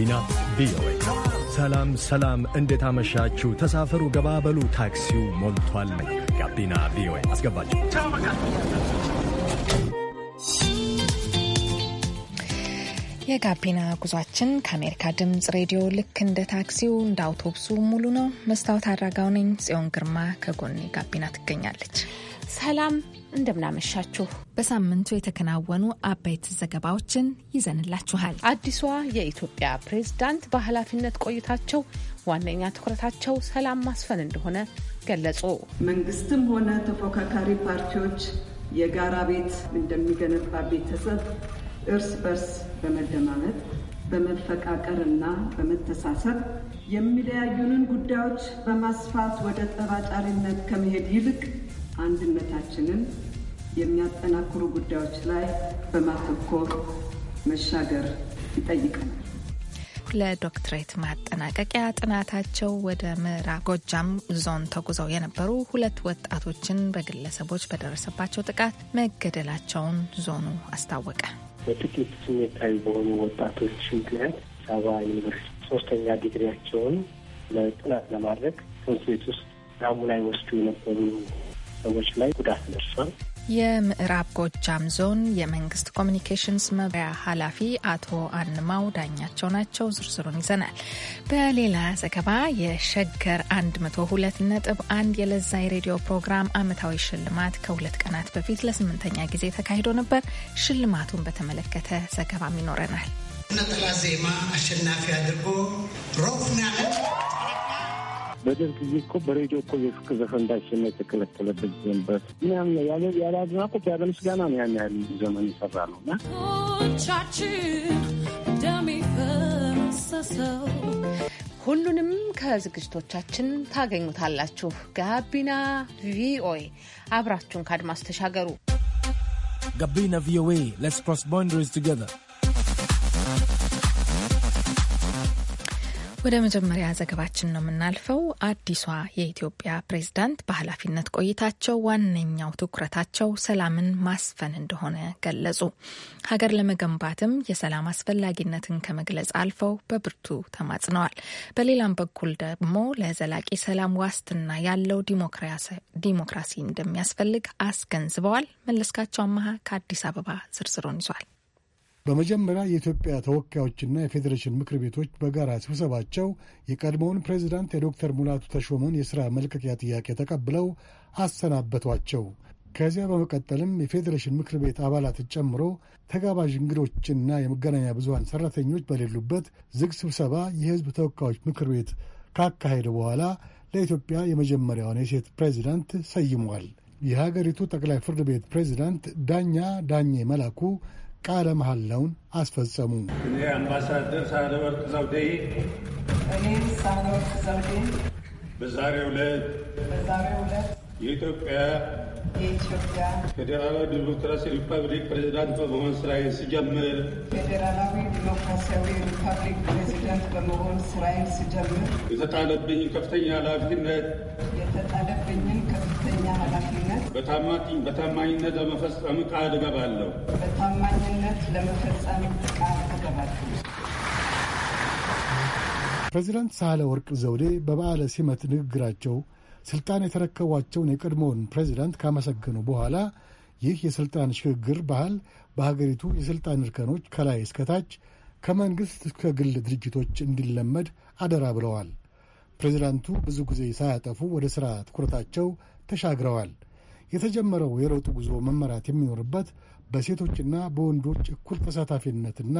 ጋቢና ቪኦኤ። ሰላም ሰላም፣ እንዴት አመሻችሁ? ተሳፈሩ፣ ገባበሉ፣ ታክሲው ሞልቷል። ጋቢና ቪኦኤ አስገባችሁ። የጋቢና ጉዟችን ከአሜሪካ ድምፅ ሬዲዮ ልክ እንደ ታክሲው እንደ አውቶቡሱ ሙሉ ነው። መስታወት አድራጋው ነኝ ጽዮን ግርማ ከጎኔ ጋቢና ትገኛለች። ሰላም እንደምናመሻችሁ። በሳምንቱ የተከናወኑ አበይት ዘገባዎችን ይዘንላችኋል። አዲሷ የኢትዮጵያ ፕሬዝዳንት በኃላፊነት ቆይታቸው ዋነኛ ትኩረታቸው ሰላም ማስፈን እንደሆነ ገለጹ። መንግስትም ሆነ ተፎካካሪ ፓርቲዎች የጋራ ቤት እንደሚገነባ ቤተሰብ እርስ በርስ በመደማመጥ በመፈቃቀር እና በመተሳሰብ የሚለያዩንን ጉዳዮች በማስፋት ወደ ጠባጫሪነት ከመሄድ ይልቅ አንድነታችንን የሚያጠናክሩ ጉዳዮች ላይ በማተኮር መሻገር ይጠይቀናል። ለዶክትሬት ማጠናቀቂያ ጥናታቸው ወደ ምዕራብ ጎጃም ዞን ተጉዘው የነበሩ ሁለት ወጣቶችን በግለሰቦች በደረሰባቸው ጥቃት መገደላቸውን ዞኑ አስታወቀ። በጥቂት ስሜታዊ በሆኑ ወጣቶች ምክንያት ሰባ ዩኒቨርሲቲ ሶስተኛ ዲግሪያቸውን ለጥናት ለማድረግ ትምህርት ቤት ውስጥ ናሙና ይወስዱ የነበሩ ሰዎች ላይ ጉዳት ደርሷል። የምዕራብ ጎጃም ዞን የመንግስት ኮሚኒኬሽንስ መምሪያ ኃላፊ አቶ አንማው ዳኛቸው ናቸው። ዝርዝሩን ይዘናል። በሌላ ዘገባ የሸገር 102 ነጥብ 1 የለዛ የሬዲዮ ፕሮግራም አመታዊ ሽልማት ከሁለት ቀናት በፊት ለስምንተኛ ጊዜ ተካሂዶ ነበር። ሽልማቱን በተመለከተ ዘገባም ይኖረናል። ነጠላ ዜማ አሸናፊ አድርጎ ሮፍና በደርግ ጊዜ እኮ በሬዲዮ እኮ የፍቅር ዘፈን እንዳይሰማ የተከለከለበት ዘንበት ያለ አድናቆት ያለ ምስጋና ነው ያን ያህል ዘመን የሰራ ነው እና ሁሉንም ከዝግጅቶቻችን ታገኙታላችሁ። ጋቢና ቪኦኤ አብራችሁን ከአድማስ ተሻገሩ። ጋቢና ቪኦኤ ሌትስ ክሮስ ባውንደሪስ ቱጌዘር ወደ መጀመሪያ ዘገባችን ነው የምናልፈው። አዲሷ የኢትዮጵያ ፕሬዝዳንት በኃላፊነት ቆይታቸው ዋነኛው ትኩረታቸው ሰላምን ማስፈን እንደሆነ ገለጹ። ሀገር ለመገንባትም የሰላም አስፈላጊነትን ከመግለጽ አልፈው በብርቱ ተማጽነዋል። በሌላም በኩል ደግሞ ለዘላቂ ሰላም ዋስትና ያለው ዲሞክራሲ እንደሚያስፈልግ አስገንዝበዋል። መለስካቸው አመሀ ከአዲስ አበባ ዝርዝሩን ይዟል። በመጀመሪያ የኢትዮጵያ ተወካዮችና የፌዴሬሽን ምክር ቤቶች በጋራ ስብሰባቸው የቀድሞውን ፕሬዚዳንት የዶክተር ሙላቱ ተሾመን የሥራ መልቀቂያ ጥያቄ ተቀብለው አሰናበቷቸው። ከዚያ በመቀጠልም የፌዴሬሽን ምክር ቤት አባላትን ጨምሮ ተጋባዥ እንግዶችና የመገናኛ ብዙሃን ሠራተኞች በሌሉበት ዝግ ስብሰባ የሕዝብ ተወካዮች ምክር ቤት ካካሄደ በኋላ ለኢትዮጵያ የመጀመሪያውን የሴት ፕሬዚዳንት ሰይሟል። የሀገሪቱ ጠቅላይ ፍርድ ቤት ፕሬዚዳንት ዳኛ ዳኜ መላኩ ቃለ መሐላውን አስፈጸሙ። እኔ አምባሳደር ሳህለወርቅ ዘውዴ እኔ ሳህለወርቅ ዘውዴ በዛሬው ዕለት የኢትዮጵያ የኢትዮጵያ ፌዴራላዊ ዲሞክራሲ ሪፐብሊክ ፕሬዚዳንት በመሆን ስራዬን ስጀምር ፌዴራላዊ ዲሞክራሲያዊ ሪፐብሊክ ፕሬዚዳንት በመሆን ስራዬን ስጀምር የተጣለብኝ ከፍተኛ ኃላፊነት የተጣለብኝን ከፍተኛ ኃላፊነት በታማኝነት ለመፈጸም ቃል እገባለሁ በታማኝ ለመፈጸም ቃል ተገባችሁ። ፕሬዚዳንት ሳህለ ወርቅ ዘውዴ በበዓለ ሲመት ንግግራቸው ስልጣን የተረከቧቸውን የቀድሞውን ፕሬዚዳንት ካመሰገኑ በኋላ ይህ የስልጣን ሽግግር ባህል በሀገሪቱ የስልጣን እርከኖች ከላይ እስከታች ከመንግሥት እስከ ግል ድርጅቶች እንዲለመድ አደራ ብለዋል። ፕሬዚዳንቱ ብዙ ጊዜ ሳያጠፉ ወደ ሥራ ትኩረታቸው ተሻግረዋል። የተጀመረው የለውጥ ጉዞ መመራት የሚኖርበት በሴቶችና በወንዶች እኩል ተሳታፊነትና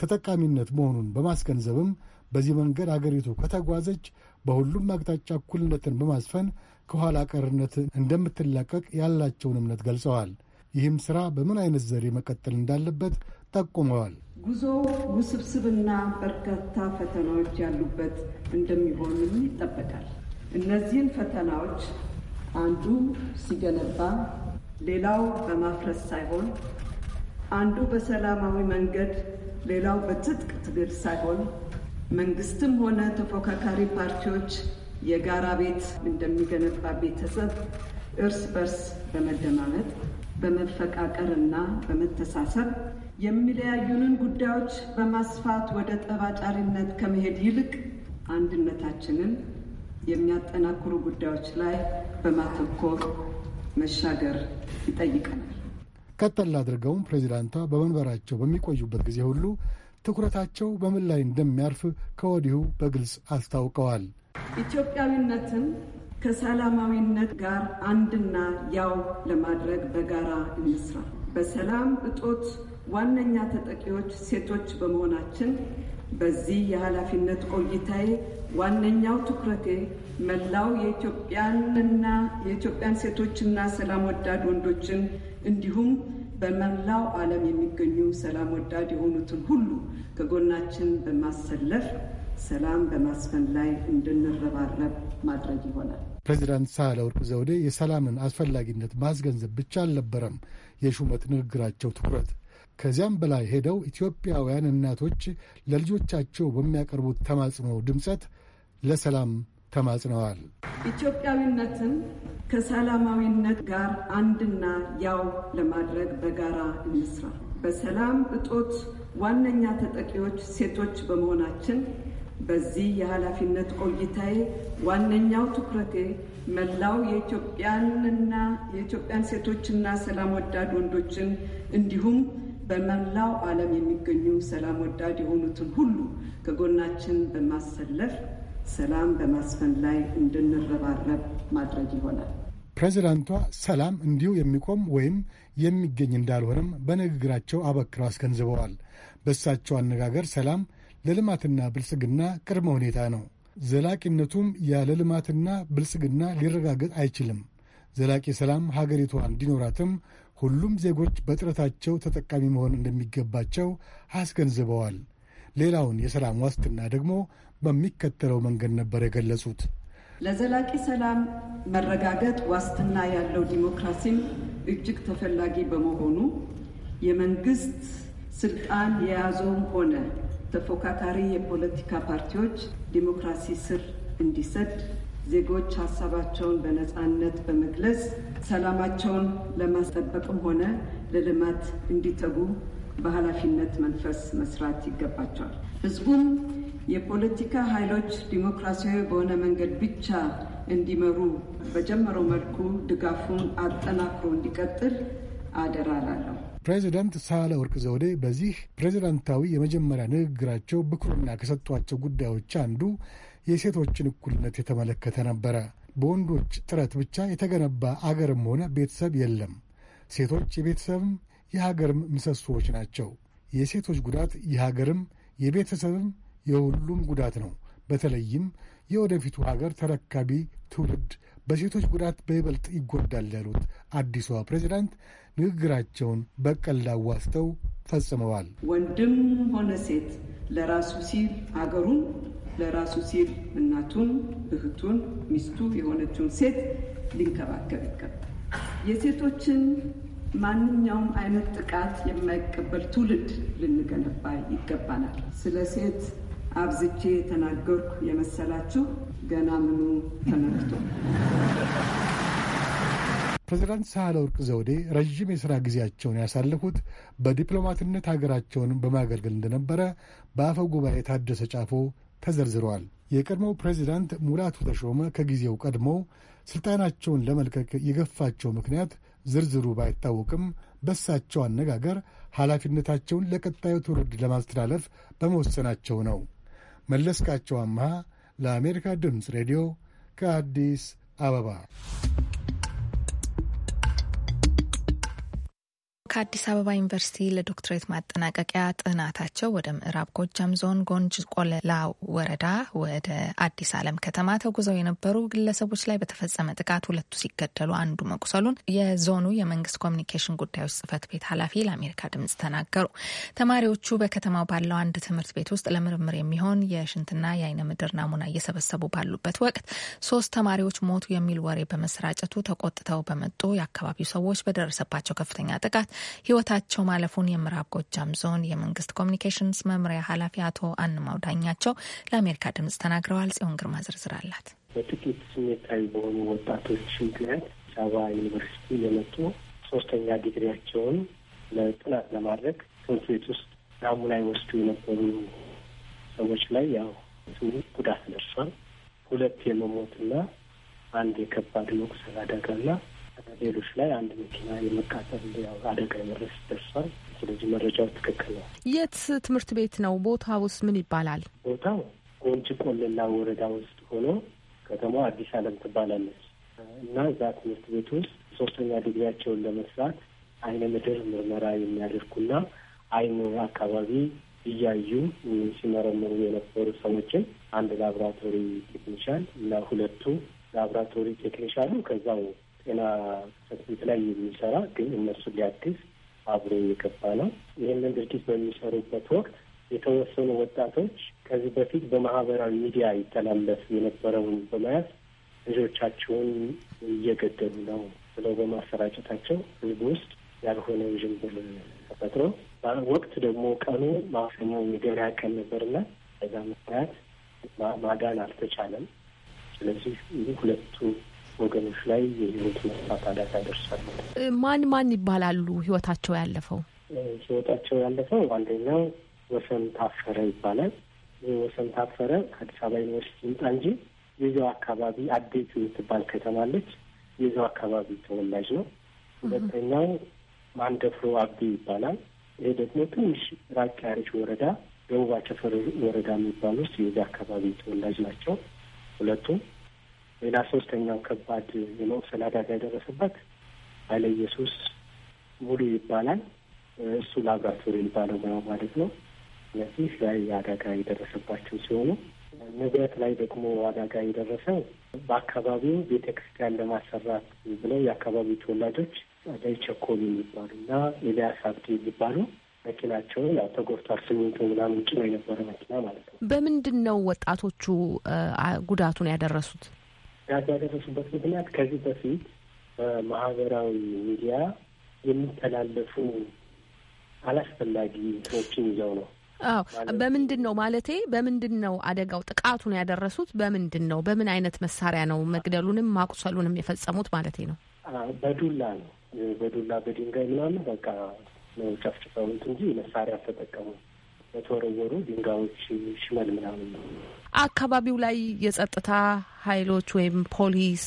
ተጠቃሚነት መሆኑን በማስገንዘብም በዚህ መንገድ አገሪቱ ከተጓዘች በሁሉም አቅጣጫ እኩልነትን በማስፈን ከኋላ ቀርነት እንደምትላቀቅ ያላቸውን እምነት ገልጸዋል። ይህም ስራ በምን አይነት ዘዴ መቀጠል እንዳለበት ጠቁመዋል። ጉዞ ውስብስብና በርካታ ፈተናዎች ያሉበት እንደሚሆንም ይጠበቃል። እነዚህን ፈተናዎች አንዱ ሲገነባ ሌላው በማፍረስ ሳይሆን አንዱ በሰላማዊ መንገድ ሌላው በትጥቅ ትግል ሳይሆን መንግስትም ሆነ ተፎካካሪ ፓርቲዎች የጋራ ቤት እንደሚገነባ ቤተሰብ እርስ በርስ በመደማመጥ በመፈቃቀር እና በመተሳሰብ የሚለያዩንን ጉዳዮች በማስፋት ወደ ጠባጫሪነት ከመሄድ ይልቅ አንድነታችንን የሚያጠናክሩ ጉዳዮች ላይ በማተኮር መሻገር ይጠይቀናል። ቀጠል አድርገውም ፕሬዚዳንቷ በመንበራቸው በሚቆዩበት ጊዜ ሁሉ ትኩረታቸው በምን ላይ እንደሚያርፍ ከወዲሁ በግልጽ አስታውቀዋል። ኢትዮጵያዊነትን ከሰላማዊነት ጋር አንድና ያው ለማድረግ በጋራ እንስራ። በሰላም እጦት ዋነኛ ተጠቂዎች ሴቶች በመሆናችን በዚህ የኃላፊነት ቆይታዬ ዋነኛው ትኩረቴ መላው የኢትዮጵያንና የኢትዮጵያን ሴቶችና ሰላም ወዳድ ወንዶችን እንዲሁም በመላው ዓለም የሚገኙ ሰላም ወዳድ የሆኑትን ሁሉ ከጎናችን በማሰለፍ ሰላም በማስፈን ላይ እንድንረባረብ ማድረግ ይሆናል። ፕሬዚዳንት ሳህለወርቅ ዘውዴ የሰላምን አስፈላጊነት ማስገንዘብ ብቻ አልነበረም የሹመት ንግግራቸው ትኩረት ከዚያም በላይ ሄደው ኢትዮጵያውያን እናቶች ለልጆቻቸው በሚያቀርቡት ተማጽኖ ድምፀት ለሰላም ተማጽነዋል። ኢትዮጵያዊነትን ከሰላማዊነት ጋር አንድና ያው ለማድረግ በጋራ እንስራ። በሰላም እጦት ዋነኛ ተጠቂዎች ሴቶች በመሆናችን በዚህ የኃላፊነት ቆይታዬ ዋነኛው ትኩረቴ መላው የኢትዮጵያንና የኢትዮጵያን ሴቶችና ሰላም ወዳድ ወንዶችን እንዲሁም በመላው ዓለም የሚገኙ ሰላም ወዳድ የሆኑትን ሁሉ ከጎናችን በማሰለፍ ሰላም በማስፈን ላይ እንድንረባረብ ማድረግ ይሆናል። ፕሬዚዳንቷ ሰላም እንዲሁ የሚቆም ወይም የሚገኝ እንዳልሆነም በንግግራቸው አበክረው አስገንዝበዋል። በእሳቸው አነጋገር ሰላም ለልማትና ብልጽግና ቅድመ ሁኔታ ነው። ዘላቂነቱም ያለ ልማትና ብልጽግና ሊረጋገጥ አይችልም። ዘላቂ ሰላም ሀገሪቷ እንዲኖራትም ሁሉም ዜጎች በጥረታቸው ተጠቃሚ መሆን እንደሚገባቸው አስገንዝበዋል። ሌላውን የሰላም ዋስትና ደግሞ በሚከተለው መንገድ ነበር የገለጹት። ለዘላቂ ሰላም መረጋገጥ ዋስትና ያለው ዲሞክራሲም እጅግ ተፈላጊ በመሆኑ የመንግስት ስልጣን የያዘውም ሆነ ተፎካካሪ የፖለቲካ ፓርቲዎች ዲሞክራሲ ስር እንዲሰድ ዜጎች ሀሳባቸውን በነፃነት በመግለጽ ሰላማቸውን ለማስጠበቅም ሆነ ለልማት እንዲተጉ በኃላፊነት መንፈስ መስራት ይገባቸዋል። ህዝቡም የፖለቲካ ኃይሎች ዲሞክራሲያዊ በሆነ መንገድ ብቻ እንዲመሩ በጀመረው መልኩ ድጋፉን አጠናክሮ እንዲቀጥል አደራ እላለሁ። ፕሬዚዳንት ሳህለ ወርቅ ዘውዴ በዚህ ፕሬዚዳንታዊ የመጀመሪያ ንግግራቸው ብኩርና ከሰጧቸው ጉዳዮች አንዱ የሴቶችን እኩልነት የተመለከተ ነበረ። በወንዶች ጥረት ብቻ የተገነባ አገርም ሆነ ቤተሰብ የለም። ሴቶች የቤተሰብም የሀገርም ምሰሶዎች ናቸው። የሴቶች ጉዳት የሀገርም የቤተሰብም የሁሉም ጉዳት ነው። በተለይም የወደፊቱ ሀገር ተረካቢ ትውልድ በሴቶች ጉዳት በይበልጥ ይጎዳል ያሉት አዲሷ ፕሬዚዳንት ንግግራቸውን በቀልድ አዋስተው ፈጽመዋል። ወንድም ሆነ ሴት ለራሱ ሲል ሀገሩን ለራሱ ሲል እናቱን፣ እህቱን፣ ሚስቱ የሆነችውን ሴት ሊንከባከብ ይገባል። የሴቶችን ማንኛውም አይነት ጥቃት የማይቀበል ትውልድ ልንገነባ ይገባናል። ስለ ሴት አብዝቼ የተናገርኩ የመሰላችሁ ገና ምኑ ተመልቶ። ፕሬዚዳንት ወርቅ ዘውዴ ረዥም የሥራ ጊዜያቸውን ያሳለፉት በዲፕሎማትነት ሀገራቸውን በማገልገል እንደነበረ በአፈ ጉባኤ ታደሰ ጫፎ ተዘርዝረዋል። የቀድሞው ፕሬዚዳንት ሙላቱ ተሾመ ከጊዜው ቀድሞ ስልጣናቸውን ለመልቀቅ የገፋቸው ምክንያት ዝርዝሩ ባይታወቅም በሳቸው አነጋገር ኃላፊነታቸውን ለቀጣዩ ትውልድ ለማስተላለፍ በመወሰናቸው ነው። መለስካቸው አምሃ ለአሜሪካ ድምፅ ሬዲዮ ከአዲስ አበባ ከአዲስ አበባ ዩኒቨርሲቲ ለዶክትሬት ማጠናቀቂያ ጥናታቸው ወደ ምዕራብ ጎጃም ዞን ጎንጅ ቆለላ ወረዳ ወደ አዲስ ዓለም ከተማ ተጉዘው የነበሩ ግለሰቦች ላይ በተፈጸመ ጥቃት ሁለቱ ሲገደሉ አንዱ መቁሰሉን የዞኑ የመንግስት ኮሚኒኬሽን ጉዳዮች ጽህፈት ቤት ኃላፊ ለአሜሪካ ድምጽ ተናገሩ። ተማሪዎቹ በከተማው ባለው አንድ ትምህርት ቤት ውስጥ ለምርምር የሚሆን የሽንትና የአይነ ምድር ናሙና እየሰበሰቡ ባሉበት ወቅት ሶስት ተማሪዎች ሞቱ የሚል ወሬ በመሰራጨቱ ተቆጥተው በመጡ የአካባቢው ሰዎች በደረሰባቸው ከፍተኛ ጥቃት ህይወታቸው ማለፉን የምዕራብ ጎጃም ዞን የመንግስት ኮሚኒኬሽንስ መምሪያ ኃላፊ አቶ አንማው ዳኛቸው ለአሜሪካ ድምጽ ተናግረዋል። ጽዮን ግርማ ዝርዝር አላት። በጥቂት ስሜታዊ በሆኑ ወጣቶች ምክንያት ሰባ ዩኒቨርሲቲ የመጡ ሶስተኛ ዲግሪያቸውን ለጥናት ለማድረግ ትምህርት ቤት ውስጥ ናሙና ይወስዱ የነበሩ ሰዎች ላይ ያው ትንሽ ጉዳት ደርሷል። ሁለት የመሞትና አንድ የከባድ መቁሰል አደጋና ሌሎች ላይ አንድ መኪና የመቃጠል ያው አደጋ የመድረስ ደርሷል። ስለዚህ መረጃው ትክክል ነው። የት ትምህርት ቤት ነው? ቦታ ውስጥ ምን ይባላል? ቦታው ጎንጅ ቆለላ ወረዳ ውስጥ ሆኖ ከተማ አዲስ አለም ትባላለች እና እዛ ትምህርት ቤት ውስጥ ሶስተኛ ዲግሪያቸውን ለመስራት አይነ ምድር ምርመራ የሚያደርጉና አይኑ አካባቢ እያዩ ሲመረምሩ የነበሩ ሰዎችን አንድ ላብራቶሪ ቴክኒሻን እና ሁለቱ ላብራቶሪ ቴክኒሻኑ ከዛው ጤና ሰርቪስ ላይ የሚሰራ ግን እነሱ ሊያግዝ አብሮ የገባ ነው። ይህንን ድርጊት በሚሰሩበት ወቅት የተወሰኑ ወጣቶች ከዚህ በፊት በማህበራዊ ሚዲያ ይተላለፍ የነበረውን በመያዝ ልጆቻቸውን እየገደሉ ነው ብለው በማሰራጨታቸው ህዝብ ውስጥ ያልሆነ ውዥንብር ተፈጥሮ ወቅት ደግሞ ቀኑ ማክሰኞ የገበያ ቀን ነበርና በዛ ምክንያት ማዳን አልተቻለም። ስለዚህ ሁለቱ ወገኖች ላይ የህይወት መጥፋት አደጋ ያደርሳሉ። ማን ማን ይባላሉ? ህይወታቸው ያለፈው ህይወታቸው ያለፈው አንደኛው ወሰን ታፈረ ይባላል። ወሰን ታፈረ ከአዲስ አበባ ዩኒቨርሲቲ ይምጣ እንጂ የዛው አካባቢ አዴት የምትባል ከተማለች የዛው አካባቢ ተወላጅ ነው። ሁለተኛው ማንደፍሮ አብዲ ይባላል። ይሄ ደግሞ ትንሽ ራቅ ያለች ወረዳ ደቡብ አቸፈር ወረዳ የሚባል ውስጥ የዛ አካባቢ ተወላጅ ናቸው ሁለቱም። ሌላ ሶስተኛው ከባድ የመቁሰል አደጋ የደረሰባት ኃይለ ኢየሱስ ሙሉ ይባላል። እሱ ላብራቶሪ ባለሙያ ማለት ነው። እነዚህ ላይ አደጋ የደረሰባቸው ሲሆኑ ንብረት ላይ ደግሞ አደጋ የደረሰው በአካባቢው ቤተ ክርስቲያን ለማሰራት ብለው የአካባቢው ተወላጆች ላይ ቸኮል የሚባሉ እና ኤልያስ አብዲ የሚባሉ መኪናቸው ያው ተጎድቷል። ስሚንቶ ምናምን ጭኖ የነበረ መኪና ማለት ነው። በምንድን ነው ወጣቶቹ ጉዳቱን ያደረሱት? ጉዳት ያደረሱበት ምክንያት ከዚህ በፊት በማህበራዊ ሚዲያ የሚተላለፉ አላስፈላጊ ሰዎችን ይዘው ነው። አዎ በምንድን ነው ማለቴ፣ በምንድን ነው አደጋው ጥቃቱን ያደረሱት? በምንድን ነው በምን አይነት መሳሪያ ነው መግደሉንም ማቁሰሉንም የፈጸሙት ማለቴ ነው? በዱላ ነው፣ በዱላ በድንጋይ ምናምን በቃ ነው ጨፍጭፈውት እንጂ መሳሪያ አልተጠቀሙም። የተወረወሩ ድንጋዮች ሽመል ምናምን ነው። አካባቢው ላይ የጸጥታ ኃይሎች ወይም ፖሊስ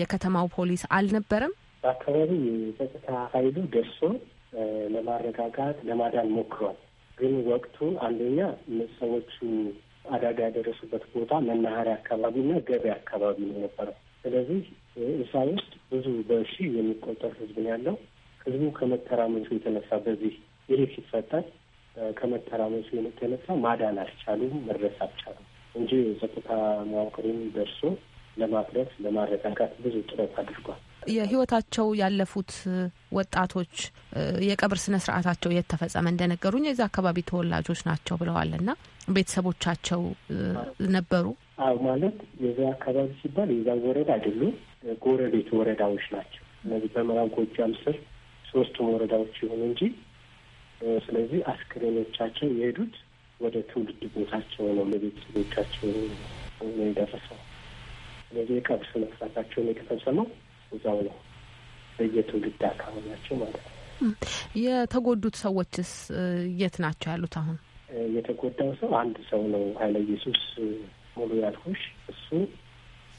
የከተማው ፖሊስ አልነበረም። በአካባቢው የጸጥታ ኃይሉ ደርሶ ለማረጋጋት ለማዳን ሞክሯል። ግን ወቅቱ አንደኛ ሰዎቹ አደጋ ያደረሱበት ቦታ መናኸሪያ አካባቢና ገበያ አካባቢ ነው የነበረው። ስለዚህ እሳ ውስጥ ብዙ በሺ የሚቆጠር ህዝብ ነው ያለው። ህዝቡ ከመተራመሱ የተነሳ በዚህ ይሄ ሲፈጠር ከመተራመሱ የተነሳ ማዳን አልቻሉም፣ መድረስ አልቻሉም እንጂ የጸጥታ መዋቅሩን ደርሶ ለማቅረፍ ለማረጋጋት ብዙ ጥረት አድርጓል። የህይወታቸው ያለፉት ወጣቶች የቀብር ስነ ስርዓታቸው የት ተፈጸመ እንደነገሩኝ የዚ አካባቢ ተወላጆች ናቸው ብለዋል እና ቤተሰቦቻቸው ነበሩ። አዎ ማለት የዚ አካባቢ ሲባል የዛ ወረዳ አይደሉም፣ ጎረቤት ወረዳዎች ናቸው እነዚህ በምዕራብ ጎጃም ስር ሶስቱም ወረዳዎች ይሁኑ እንጂ ስለዚህ አስክሬኖቻቸው የሄዱት ወደ ትውልድ ቦታቸው ነው፣ ለቤተሰቦቻቸው ነው የደረሰው። ስለዚህ የቀብር ስነ ስርዓታቸውን የተፈጸመው እዛው ነው፣ በየትውልድ አካባቢያቸው ማለት ነው። የተጎዱት ሰዎችስ የት ናቸው ያሉት? አሁን የተጎዳው ሰው አንድ ሰው ነው፣ ኃይለ ኢየሱስ ሙሉ ያልኩሽ እሱ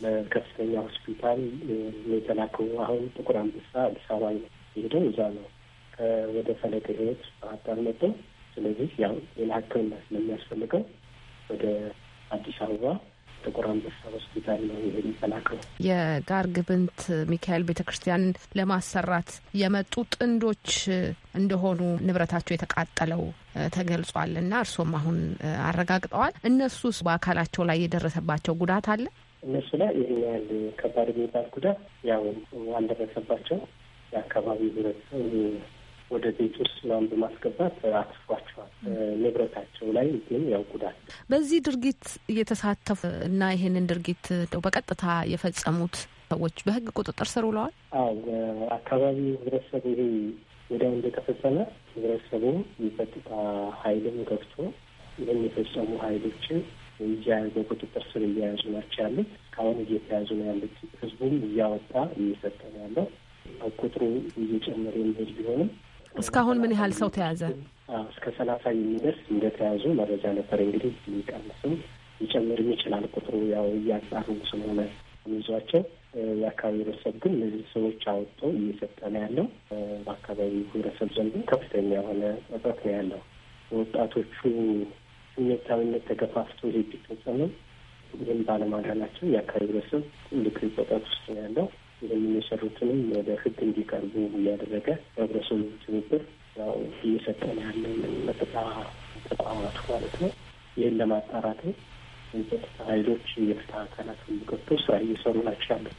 ለከፍተኛ ሆስፒታል የተላከው አሁን ጥቁር አንበሳ አዲስ አበባ ሄደው እዛ ነው ወደ ፈለገ ህይወት ባህር ዳር መጥቶ ስለዚህ ያው ሌላ ህክምና ስለሚያስፈልገው ወደ አዲስ አበባ ጥቁር አንበሳ ሆስፒታል ነው ይሄ የሚፈላቀው። የጋር ግብንት ሚካኤል ቤተ ክርስቲያንን ለማሰራት የመጡ ጥንዶች እንደሆኑ ንብረታቸው የተቃጠለው ተገልጿል እና እርሶም አሁን አረጋግጠዋል። እነሱስ በአካላቸው ላይ የደረሰባቸው ጉዳት አለ? እነሱ ላይ ይህን ያህል ከባድ የሚባል ጉዳት ያው አልደረሰባቸው። የአካባቢ ህብረተሰብ ወደ ቤት ውስጥ ምናምን በማስገባት አትፏቸዋል። ንብረታቸው ላይ ግን ያው ጉዳት በዚህ ድርጊት እየተሳተፉ እና ይህንን ድርጊት በቀጥታ የፈጸሙት ሰዎች በህግ ቁጥጥር ስር ውለዋል። አዎ አካባቢ ህብረተሰቡ ይሄ ወዲያው እንደተፈጸመ ህብረተሰቡ የጸጥታ ኃይልም ገብቶ ይህን የፈጸሙ ኃይሎችን እያያዘ ቁጥጥር ስር እያያዙ ናቸው ያሉት። እስካሁን እየተያዙ ነው ያሉት። ህዝቡም እያወጣ እየሰጠ ነው ያለው። ቁጥሩ እየጨመረ የሚሄድ ቢሆንም እስካሁን ምን ያህል ሰው ተያዘ? እስከ ሰላሳ የሚደርስ እንደተያዙ መረጃ ነበር። እንግዲህ ሊቀንስም ሊጨምርም ይችላል። ቁጥሩ ያው እያጣሩ ስለሆነ ይዟቸው የአካባቢ ህብረተሰብ ግን እነዚህ ሰዎች አወጥቶ እየሰጠ ነው ያለው። በአካባቢ ህብረተሰብ ዘንድ ከፍተኛ የሆነ እጥረት ነው ያለው። ወጣቶቹ ስሜታዊነት ተገፋፍቶ ሄድ ቢፈጸምም ይህም ባለማዳናቸው የአካባቢ ህብረተሰብ ልክ እጥረት ውስጥ ነው ያለው። እንደምን ወደ ህግ እንዲቀርቡ እያደረገ ህብረተሰቡ ትብብር ያው እየሰጠን ያለን መጠጣ ተቋማቱ ማለት ነው። ይህን ለማጣራት የጸጥታ ኃይሎች የፍትህ አካላት ገብቶ ስራ እየሰሩ ናቸው ያሉት።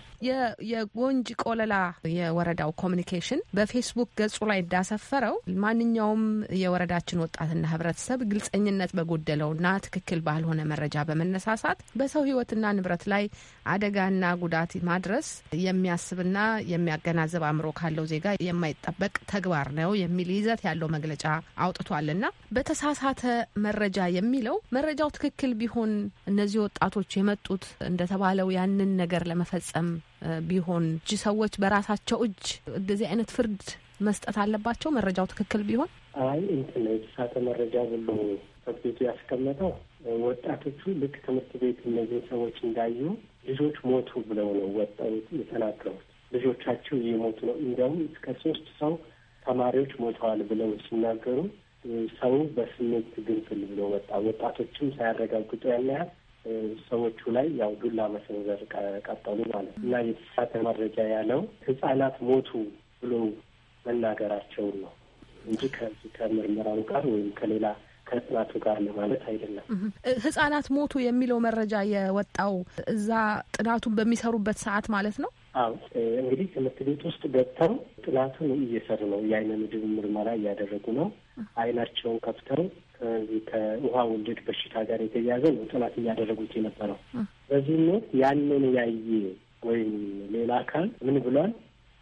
የጎንጂ ቆለላ የወረዳው ኮሚኒኬሽን በፌስቡክ ገጹ ላይ እንዳሰፈረው ማንኛውም የወረዳችን ወጣትና ህብረተሰብ ግልጸኝነት በጎደለውና ትክክል ባልሆነ መረጃ በመነሳሳት በሰው ህይወትና ንብረት ላይ አደጋና ጉዳት ማድረስ የሚያስብና የሚያገናዘብ አእምሮ ካለው ዜጋ የማይጠበቅ ተግባር ነው የሚል ይዘት ያለው መግለጫ አውጥቷልና በተሳሳተ መረጃ የሚለው መረጃው ትክክል ቢሆን እነዚህ ወጣቶች የመጡት እንደተባለው ያንን ነገር ለመፈጸም ቢሆን እጅ ሰዎች በራሳቸው እጅ እንደዚህ አይነት ፍርድ መስጠት አለባቸው። መረጃው ትክክል ቢሆን አይ እንትን የተሳተ መረጃ ብሎ ፍርድ ቤቱ ያስቀመጠው ወጣቶቹ ልክ ትምህርት ቤት እነዚህ ሰዎች እንዳዩ ልጆች ሞቱ ብለው ነው ወጣው የተናገሩት። ልጆቻቸው እየሞቱ ነው፣ እንዲያውም እስከ ሶስት ሰው ተማሪዎች ሞተዋል ብለው ሲናገሩ ሰው በስሜት ግንፍል ብሎ ወጣ። ወጣቶችም ሳያረጋግጡ ያለያል ሰዎቹ ላይ ያው ዱላ መሰንዘር ቀጠሉ ማለት እና የተሳተ መረጃ ያለው ህጻናት ሞቱ ብሎ መናገራቸውን ነው እንጂ ከዚህ ከምርመራው ጋር ወይም ከሌላ ከጥናቱ ጋር ለማለት አይደለም። ህጻናት ሞቱ የሚለው መረጃ የወጣው እዛ ጥናቱን በሚሰሩበት ሰዓት ማለት ነው። አዎ እንግዲህ ትምህርት ቤት ውስጥ ገብተው ጥናቱን እየሰሩ ነው። የአይነ ምድብ ምርመራ እያደረጉ ነው። አይናቸውን ከፍተው ከዚህ ከውሃ ወለድ በሽታ ጋር የተያያዘ ነው ጥናት እያደረጉት የነበረው። በዚህም ወቅት ያንን ያየ ወይም ሌላ አካል ምን ብሏል?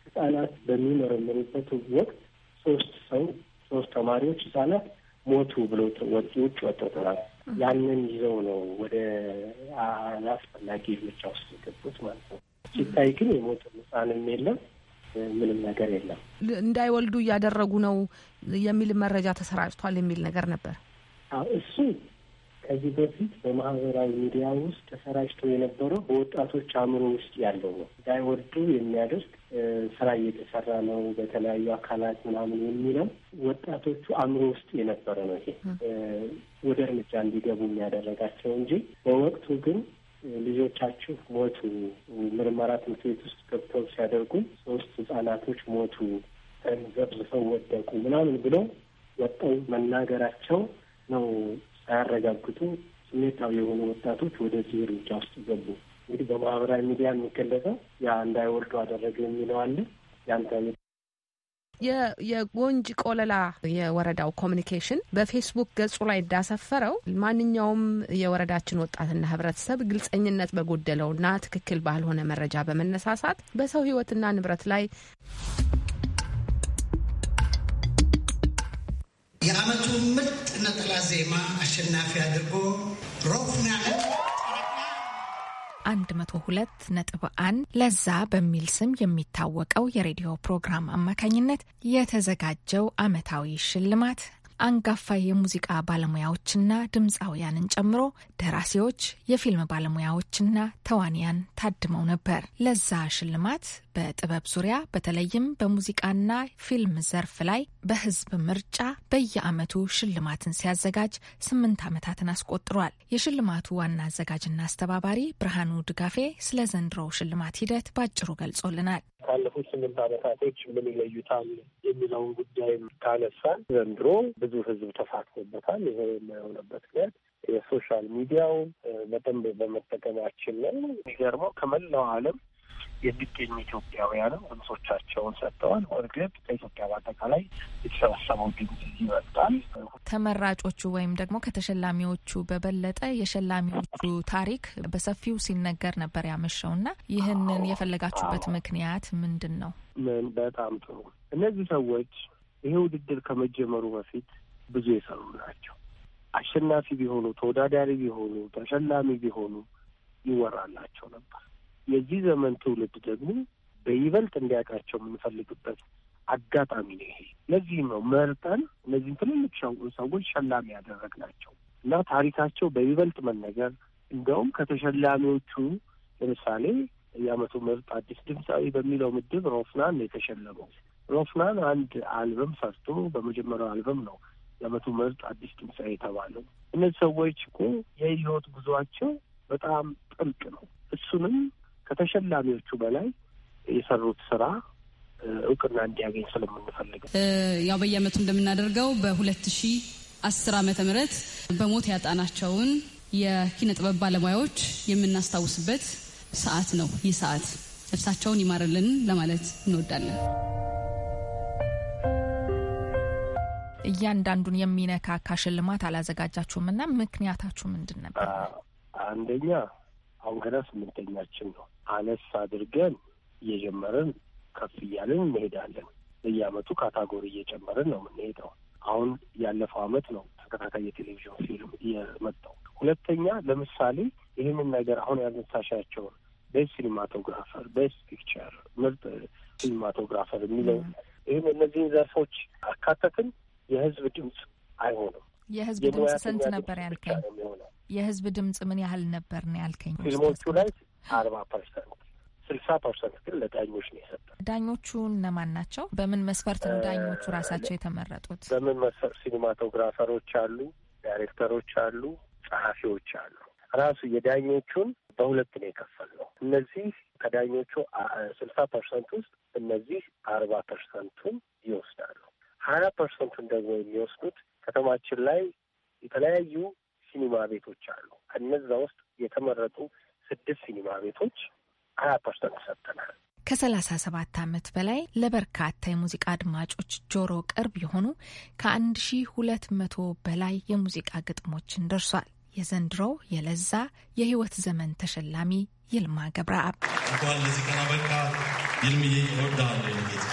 ህጻናት በሚመረምሩበት ወቅት ሶስት ሰው ሶስት ተማሪዎች ህጻናት ሞቱ ብለው ወጪ ውጭ ወጥተዋል። ያንን ይዘው ነው ወደ አላስፈላጊ እርምጃ ውስጥ የገቡት ማለት ነው። ሲታይ ግን የሞት ህጻንም የለም ምንም ነገር የለም። እንዳይወልዱ እያደረጉ ነው የሚል መረጃ ተሰራጭቷል የሚል ነገር ነበር። እሱ ከዚህ በፊት በማህበራዊ ሚዲያ ውስጥ ተሰራጭቶ የነበረው በወጣቶች አእምሮ ውስጥ ያለው ነው። እንዳይወዱ የሚያደርግ ስራ እየተሰራ ነው በተለያዩ አካላት ምናምን የሚለው ወጣቶቹ አእምሮ ውስጥ የነበረ ነው። ይሄ ወደ እርምጃ እንዲገቡ የሚያደረጋቸው እንጂ በወቅቱ ግን ልጆቻችሁ ሞቱ፣ ምርመራ ትምህርት ቤት ውስጥ ገብተው ሲያደርጉ ሶስት ህጻናቶች ሞቱ፣ ዘብዝፈው ወደቁ ምናምን ብለው ወጠው መናገራቸው ነው ሳያረጋግጡ ስሜታዊ የሆኑ ወጣቶች ወደዚህ እርምጃ ውስጥ ገቡ። እንግዲህ በማህበራዊ ሚዲያ የሚገለጸው ያ እንዳይወርዱ አደረገ የሚለው አለ ያንተ የጎንጅ ቆለላ የወረዳው ኮሚኒኬሽን በፌስቡክ ገጹ ላይ እንዳሰፈረው ማንኛውም የወረዳችን ወጣትና ህብረተሰብ ግልጸኝነት በጎደለውና ትክክል ባልሆነ መረጃ በመነሳሳት በሰው ህይወትና ንብረት ላይ የዓመቱ ምርጥ ነጠላ ዜማ አሸናፊ አድርጎ ሮፍናለ አንድ መቶ ሁለት ነጥብ አንድ ለዛ በሚል ስም የሚታወቀው የሬዲዮ ፕሮግራም አማካኝነት የተዘጋጀው ዓመታዊ ሽልማት አንጋፋ የሙዚቃ ባለሙያዎችና ድምፃውያንን ጨምሮ ደራሲዎች፣ የፊልም ባለሙያዎችና ተዋንያን ታድመው ነበር። ለዛ ሽልማት በጥበብ ዙሪያ በተለይም በሙዚቃና ፊልም ዘርፍ ላይ በህዝብ ምርጫ በየአመቱ ሽልማትን ሲያዘጋጅ ስምንት ዓመታትን አስቆጥሯል። የሽልማቱ ዋና አዘጋጅና አስተባባሪ ብርሃኑ ድጋፌ ስለ ዘንድሮው ሽልማት ሂደት ባጭሩ ገልጾልናል። ካለፉት ስምንት ዓመታቶች ምን ይለዩታል የሚለውን ጉዳይም ካነሳን ዘንድሮ ብዙ ህዝብ ተሳትፎበታል። ይሄ የማይሆነበት ምክንያት የሶሻል ሚዲያው በደንብ በመጠቀማችን ነው። የሚገርመው ከመላው ዓለም የሚገኙ ኢትዮጵያውያንም ድምጾቻቸውን ሰጥተዋል። እርግጥ ከኢትዮጵያ በአጠቃላይ የተሰበሰበው ድምጽ ይበልጣል። ተመራጮቹ ወይም ደግሞ ከተሸላሚዎቹ በበለጠ የሸላሚዎቹ ታሪክ በሰፊው ሲነገር ነበር ያመሸው እና ይህንን የፈለጋችሁበት ምክንያት ምንድን ነው? ምን በጣም ጥሩ። እነዚህ ሰዎች ይሄ ውድድር ከመጀመሩ በፊት ብዙ የሰሩ ናቸው። አሸናፊ ቢሆኑ፣ ተወዳዳሪ ቢሆኑ፣ ተሸላሚ ቢሆኑ ይወራላቸው ነበር የዚህ ዘመን ትውልድ ደግሞ በይበልጥ እንዲያውቃቸው የምንፈልግበት አጋጣሚ ነው ይሄ። ለዚህም ነው መርጠን እነዚህም ትልልቅ ሰዎች ሸላሚ ያደረግናቸው እና ታሪካቸው በይበልጥ መነገር እንደውም ከተሸላሚዎቹ ለምሳሌ የአመቱ ምርጥ አዲስ ድምፃዊ በሚለው ምድብ ሮፍናን የተሸለመው። ሮፍናን አንድ አልበም ሰርቶ በመጀመሪያው አልበም ነው የአመቱ ምርጥ አዲስ ድምፃዊ የተባለው። እነዚህ ሰዎች እኮ የህይወት ጉዟቸው በጣም ጥልቅ ነው። እሱንም ከተሸላሚዎቹ በላይ የሰሩት ስራ እውቅና እንዲያገኝ ስለምንፈልግ ያው በየአመቱ እንደምናደርገው በሁለት ሺ አስር አመተ ምህረት በሞት ያጣናቸውን የኪነ ጥበብ ባለሙያዎች የምናስታውስበት ሰዓት ነው። ይህ ሰዓት ነፍሳቸውን ይማርልን ለማለት እንወዳለን። እያንዳንዱን የሚነካካ ሽልማት አላዘጋጃችሁም እና ምክንያታችሁ ምንድን ነበር? አንደኛ አሁን ገና ስምንተኛችን ነው። አነስ አድርገን እየጀመርን ከፍ እያለን እንሄዳለን። በየአመቱ ካታጎሪ እየጨመርን ነው የምንሄደው። አሁን ያለፈው አመት ነው ተከታታይ የቴሌቪዥን ፊልም የመጣው። ሁለተኛ ለምሳሌ ይህንን ነገር አሁን ያነሳሻቸውን ቤስት ሲኒማቶግራፈር፣ ቤስት ፒክቸር፣ ምርጥ ሲኒማቶግራፈር የሚለው ይህም እነዚህን ዘርፎች አካተትን የህዝብ ድምፅ አይሆንም። የህዝብ ድምጽ ስንት ነበር ያልከኝ? የህዝብ ድምጽ ምን ያህል ነበር ነው ያልከኝ? ፊልሞቹ ላይ አርባ ፐርሰንት ስልሳ ፐርሰንት ግን ለዳኞች ነው የሰጠ። ዳኞቹ እነማን ናቸው? በምን መስፈርት ነው ዳኞቹ ራሳቸው የተመረጡት? በምን መስፈርት? ሲኒማቶግራፈሮች አሉ፣ ዳይሬክተሮች አሉ፣ ጸሐፊዎች አሉ። ራሱ የዳኞቹን በሁለት ነው የከፈልነው። እነዚህ ከዳኞቹ ስልሳ ፐርሰንት ውስጥ እነዚህ አርባ ፐርሰንቱን ይወስዳሉ። ሀያ ፐርሰንቱን ደግሞ የሚወስዱት ከተማችን ላይ የተለያዩ ሲኒማ ቤቶች አሉ። ከነዛ ውስጥ የተመረጡ ስድስት ሲኒማ ቤቶች ሀያ ፐርሰንት ሰጥተናል። ከሰላሳ ሰባት ዓመት በላይ ለበርካታ የሙዚቃ አድማጮች ጆሮ ቅርብ የሆኑ ከአንድ ሺ ሁለት መቶ በላይ የሙዚቃ ግጥሞችን ደርሷል። የዘንድሮው የለዛ የህይወት ዘመን ተሸላሚ ይልማ ገብረአብ እንኳን ለዚህ ቀን አበቃ። ይልምዬ እወዳለሁ።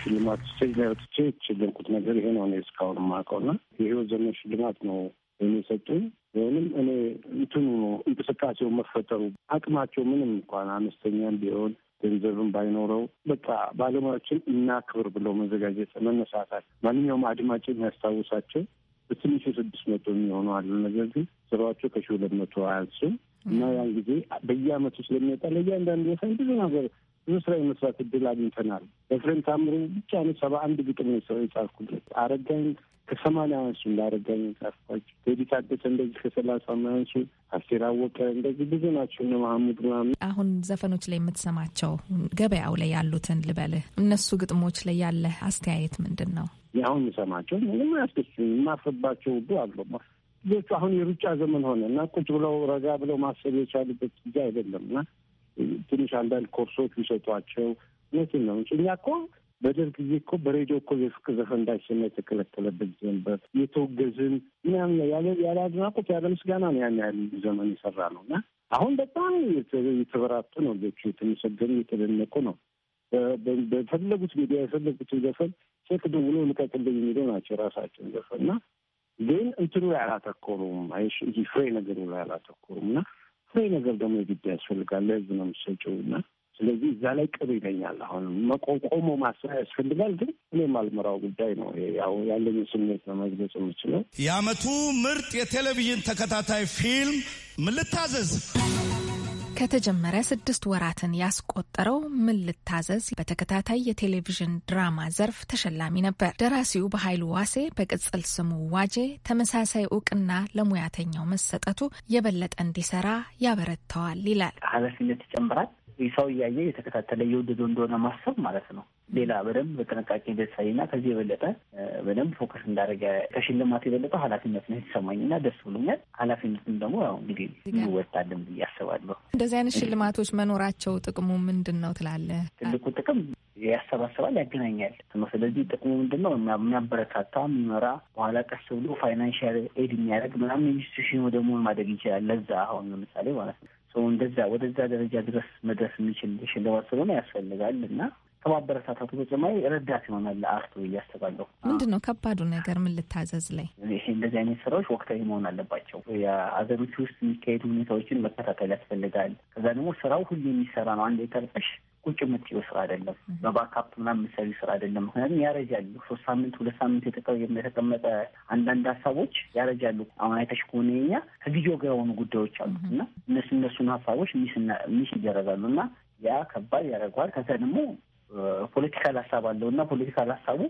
ሽልማት ውስጥ ዳዮትቼ የተሸለምኩት ነገር ይሄ ነው። እኔ እስካሁን የማውቀውና የህይወት ዘመን ሽልማት ነው እኔ ሰጡኝ። ወይም እኔ እንትኑ ነው እንቅስቃሴው መፈጠሩ አቅማቸው ምንም እንኳን አነስተኛም ቢሆን ገንዘብም ባይኖረው በቃ ባለሙያዎችን እናክብር ብለው መዘጋጀት መነሳሳት፣ ማንኛውም አድማጭ የሚያስታውሳቸው በትንሹ ስድስት መቶ የሚሆኑ አሉ። ነገር ግን ስራቸው ከሺ ሁለት መቶ አያንሱም እና ያን ጊዜ በየአመቱ ስለሚወጣ ለእያንዳንዱ ወሳኝ ብዙ ነገር ብዙ ስራ የመስራት እድል አግኝተናል። በፍሬም ታምሩ ብቻ ነው ሰባ አንድ ግጥም ነው የጻፍኩለት። አረጋኝ ከሰማንያ አንሱ ለአረጋኝ የጻፍኳቸው ቴዲት አደሰ እንደዚህ ከሰላሳ ማያንሱ አስቴር አወቀ እንደዚህ ብዙ ናቸው። እነ መሀሙድ ምናምን አሁን ዘፈኖች ላይ የምትሰማቸው ገበያው ላይ ያሉትን ልበልህ፣ እነሱ ግጥሞች ላይ ያለ አስተያየት ምንድን ነው? አሁን የምሰማቸው ምንም ያስደስ የማፈባቸው ሁሉ አሉ ልጆቹ አሁን የሩጫ ዘመን ሆነ እና ቁጭ ብለው ረጋ ብለው ማሰብ የቻሉበት ጊዜ አይደለም እና ትንሽ አንዳንድ ኮርሶች ቢሰጧቸው እውነትን ነው እንጂ እኛ እኮ በደርግ ጊዜ እኮ በሬዲዮ እኮ የፍቅር ዘፈን እንዳይሰማ የተከለከለበት ዘንበር የተወገዝን ምናምን ያለ አድናቆት ያለ ምስጋና ነው ያን ያህል ዘመን የሰራ ነው እና አሁን በጣም የተበራጡ ነው ልጆቹ የተመሰገኑ የተደነቁ ነው። በፈለጉት ሚዲያ የፈለጉትን ዘፈን ስልክ ደውሎ ልቀቅልኝ የሚለው ናቸው የራሳቸውን ዘፈን እና ግን እንትኑ ላይ አላተኮሩም። ይህ ፍሬ ነገሩ ላይ አላተኮሩም እና ፍሬ ነገር ደግሞ የግድ ያስፈልጋል። ለህዝብ ነው የሚሰጭው እና ስለዚህ እዛ ላይ ቅር ይለኛል። አሁን መቆቆሞ ማሰብ ያስፈልጋል፣ ግን እኔም አልመራው ጉዳይ ነው። ያው ያለኝ ስሜት ለመግለጽ የምችለው የአመቱ ምርጥ የቴሌቪዥን ተከታታይ ፊልም ምን ልታዘዝ ከተጀመረ ስድስት ወራትን ያስቆጠረው ምን ልታዘዝ በተከታታይ የቴሌቪዥን ድራማ ዘርፍ ተሸላሚ ነበር። ደራሲው በኃይሉ ዋሴ በቅጽል ስሙ ዋጄ ተመሳሳይ እውቅና ለሙያተኛው መሰጠቱ የበለጠ እንዲሰራ ያበረታዋል ይላል። ኃላፊነት ይጨምራል። ሰው እያየ የተከታተለ የወደዶ እንደሆነ ማሰብ ማለት ነው። ሌላ በደንብ በጥንቃቄ ደሳይና ከዚህ የበለጠ በደንብ ፎከስ እንዳደረገ ከሽልማት የበለጠ ኃላፊነት ነው የተሰማኝ እና ደስ ብሎኛል። ኃላፊነትም ደግሞ ያው እንግዲህ እንወጣለን ብዬ አስባለሁ። እንደዚህ አይነት ሽልማቶች መኖራቸው ጥቅሙ ምንድን ነው ትላለህ? ትልቁ ጥቅም ያሰባሰባል፣ ያገናኛል። ስለዚህ ጥቅሙ ምንድን ነው? የሚያበረታታ የሚመራ በኋላ ቀስ ብሎ ፋይናንሽል ኤድ የሚያደርግ ምናምን ኢንስቲቱሽን ወደ መሆን ማደግ ይችላል። ለዛ አሁን ለምሳሌ ማለት ነው ሰው እንደዛ ወደዛ ደረጃ ድረስ መድረስ የሚችል ሽልማት ስለሆነ ያስፈልጋል እና ከማበረታታቱ በተጨማሪ ረዳት ይሆናል ለአርቱ እያስባለሁ። ምንድን ነው ከባዱ ነገር ምን ልታዘዝ ላይ ይሄ እንደዚህ አይነት ስራዎች ወቅታዊ መሆን አለባቸው። የአገሮች ውስጥ የሚካሄዱ ሁኔታዎችን መከታተል ያስፈልጋል። ከዛ ደግሞ ስራው ሁሉ የሚሰራ ነው። አንድ የተርጠሽ ቁጭ የምትይው ስራ አይደለም። በባካፕ ምናምን የምትሰሪው ስራ አይደለም። ምክንያቱም ያረጃሉ። ሶስት ሳምንት ሁለት ሳምንት የተቀመጠ አንዳንድ ሀሳቦች ያረጃሉ። አሁን አይተሽ ከሆነ የኛ ከጊዜው ጋር የሆኑ ጉዳዮች አሉ እና እነሱ እነሱን ሀሳቦች ሚስ ይደረጋሉ እና ያ ከባድ ያደርገዋል። ከዛ ደግሞ ፖለቲካል ሀሳብ አለው እና ፖለቲካል ሀሳቡ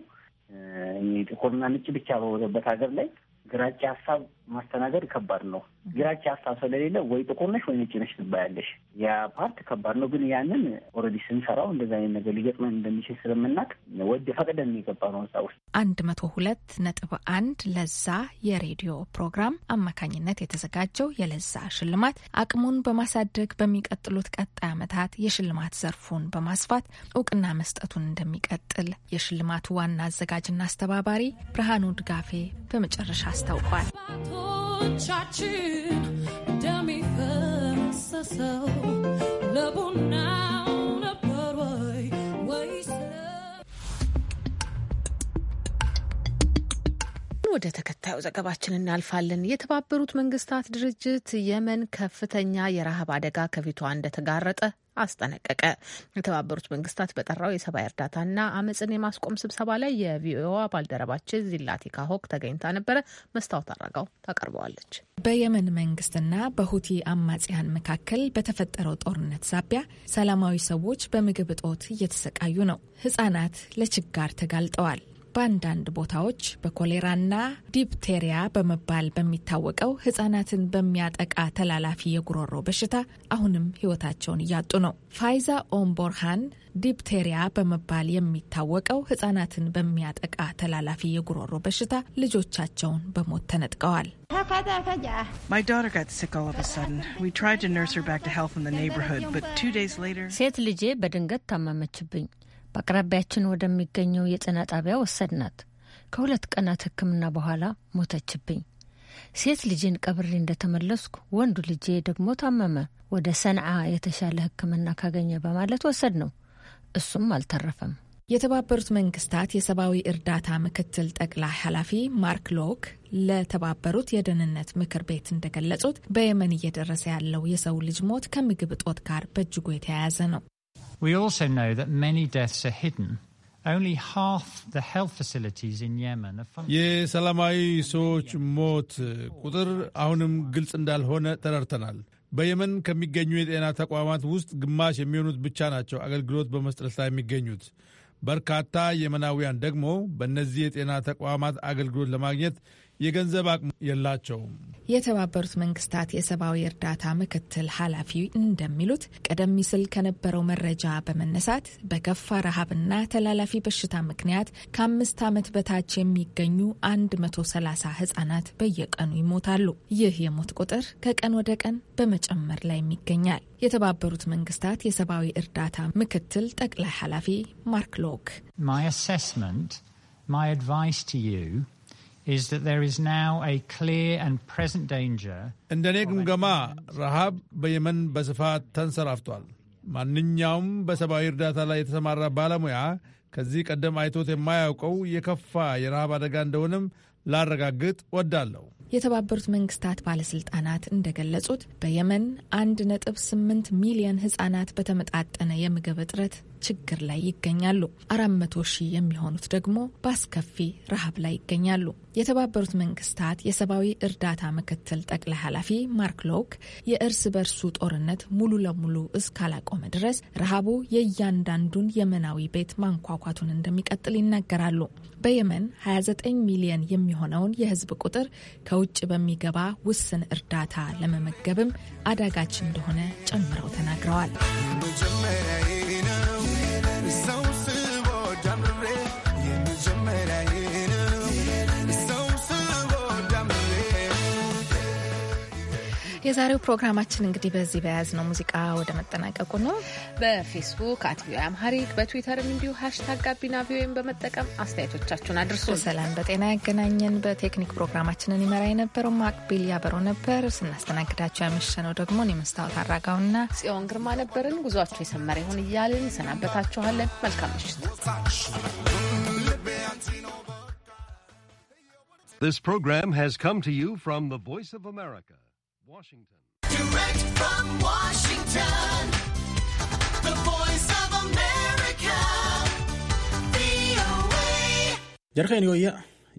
ጥቁርና ነጭ ብቻ በሆነበት ሀገር ላይ ግራጫ ሀሳብ ማስተናገድ ከባድ ነው። ግራጫ ሀሳብ ስለሌለ ወይ ጥቁር ነሽ ወይ ነጭ ነሽ ትባያለሽ። ያ ፓርት ከባድ ነው። ግን ያንን ኦልሬዲ ስንሰራው እንደዚ አይነት ነገር ሊገጥመን እንደሚችል ስለምናቅ ወደ ፈቅደን የገባ ነው ህንጻ ውስጥ አንድ መቶ ሁለት ነጥብ አንድ ለዛ የሬዲዮ ፕሮግራም አማካኝነት የተዘጋጀው የለዛ ሽልማት አቅሙን በማሳደግ በሚቀጥሉት ቀጣይ ዓመታት የሽልማት ዘርፉን በማስፋት እውቅና መስጠቱን እንደሚቀጥል የሽልማቱ ዋና አዘጋጅና አስተባባሪ ብርሃኑ ድጋፌ በመጨረሻ አስታውቋል። ቻችን ወደ ተከታዩ ዘገባችን እናልፋለን። የተባበሩት መንግስታት ድርጅት የመን ከፍተኛ የረሃብ አደጋ ከፊቷ እንደተጋረጠ አስጠነቀቀ። የተባበሩት መንግስታት በጠራው የሰብአዊ እርዳታና አመፅን የማስቆም ስብሰባ ላይ የቪኦኤዋ ባልደረባችን ዚላቲካ ሆክ ተገኝታ ነበረ። መስታወት አድረጋው ታቀርበዋለች። በየመን መንግስትና በሁቲ አማጽያን መካከል በተፈጠረው ጦርነት ሳቢያ ሰላማዊ ሰዎች በምግብ እጦት እየተሰቃዩ ነው። ህጻናት ለችጋር ተጋልጠዋል። በአንዳንድ ቦታዎች በኮሌራና ዲፕቴሪያ በመባል በሚታወቀው ህጻናትን በሚያጠቃ ተላላፊ የጉሮሮ በሽታ አሁንም ህይወታቸውን እያጡ ነው። ፋይዛ ኦምቦርሃን ዲፕቴሪያ በመባል የሚታወቀው ህጻናትን በሚያጠቃ ተላላፊ የጉሮሮ በሽታ ልጆቻቸውን በሞት ተነጥቀዋል። ሴት ልጄ በድንገት ታመመችብኝ። በአቅራቢያችን ወደሚገኘው የጤና ጣቢያ ወሰድናት። ከሁለት ቀናት ሕክምና በኋላ ሞተችብኝ። ሴት ልጄን ቀብሬ እንደተመለስኩ ወንዱ ልጄ ደግሞ ታመመ። ወደ ሰንዓ የተሻለ ሕክምና ካገኘ በማለት ወሰድ ነው። እሱም አልተረፈም። የተባበሩት መንግስታት የሰብአዊ እርዳታ ምክትል ጠቅላይ ኃላፊ ማርክ ሎክ ለተባበሩት የደህንነት ምክር ቤት እንደገለጹት በየመን እየደረሰ ያለው የሰው ልጅ ሞት ከምግብ እጦት ጋር በእጅጉ የተያያዘ ነው። We also know that many deaths are hidden. Only half the health facilities in Yemen are functioning. የሰላማዊ ሰዎች ሞት ቁጥር አሁንም ግልጽ እንዳልሆነ ተረድተናል። በየመን ከሚገኙ የጤና ተቋማት ውስጥ ግማሽ የሚሆኑት ብቻ ናቸው አገልግሎት በመስጠት ላይ የሚገኙት። በርካታ የመናውያን ደግሞ በእነዚህ የጤና ተቋማት አገልግሎት ለማግኘት የገንዘብ አቅም የላቸውም። የተባበሩት መንግስታት የሰብአዊ እርዳታ ምክትል ኃላፊ እንደሚሉት ቀደም ሲል ከነበረው መረጃ በመነሳት በከፋ ረሃብና ተላላፊ በሽታ ምክንያት ከአምስት ዓመት በታች የሚገኙ 130 ህጻናት በየቀኑ ይሞታሉ። ይህ የሞት ቁጥር ከቀን ወደ ቀን በመጨመር ላይ ይገኛል። የተባበሩት መንግስታት የሰብአዊ እርዳታ ምክትል ጠቅላይ ኃላፊ ማርክ ሎክ My assessment, እንደ እኔ ግምገማ ረሃብ በየመን በስፋት ተንሰራፍቷል። ማንኛውም በሰብአዊ እርዳታ ላይ የተሰማራ ባለሙያ ከዚህ ቀደም አይቶት የማያውቀው የከፋ የረሃብ አደጋ እንደሆነም ላረጋግጥ ወዳለሁ። የተባበሩት መንግስታት ባለስልጣናት እንደገለጹት በየመን 1.8 ሚሊዮን ህጻናት በተመጣጠነ የምግብ እጥረት ችግር ላይ ይገኛሉ። አራት መቶ ሺህ የሚሆኑት ደግሞ በአስከፊ ረሃብ ላይ ይገኛሉ። የተባበሩት መንግስታት የሰብአዊ እርዳታ ምክትል ጠቅላይ ኃላፊ ማርክ ሎክ የእርስ በርሱ ጦርነት ሙሉ ለሙሉ እስካላቆመ ድረስ ረሃቡ የእያንዳንዱን የመናዊ ቤት ማንኳኳቱን እንደሚቀጥል ይናገራሉ። በየመን 29 ሚሊየን የሚሆነውን የህዝብ ቁጥር ከውጭ በሚገባ ውስን እርዳታ ለመመገብም አዳጋች እንደሆነ ጨምረው ተናግረዋል። So የዛሬው ፕሮግራማችን እንግዲህ በዚህ በያዝ ነው ሙዚቃ ወደ መጠናቀቁ ነው። በፌስቡክ አት ቪኦኤ አምሃሪክ በትዊተርም እንዲሁ ሀሽታግ ጋቢና ቪኦኤም በመጠቀም አስተያየቶቻችሁን አድርሱ። በሰላም በጤና ያገናኘን። በቴክኒክ ፕሮግራማችንን ይመራ የነበረው ማቅቢል ያበሮ ነበር። ስናስተናግዳቸው ያመሸነው ደግሞ እኔ መስታወት አራጋውና ጽዮን ግርማ ነበርን። ጉዟችሁ የሰመረ ይሁን እያልን ሰናበታችኋለን። መልካም ምሽት። This program has come to you from the Voice of America. Washington. Direct from Washington, the voice of America, VOA. Jarka ini ya.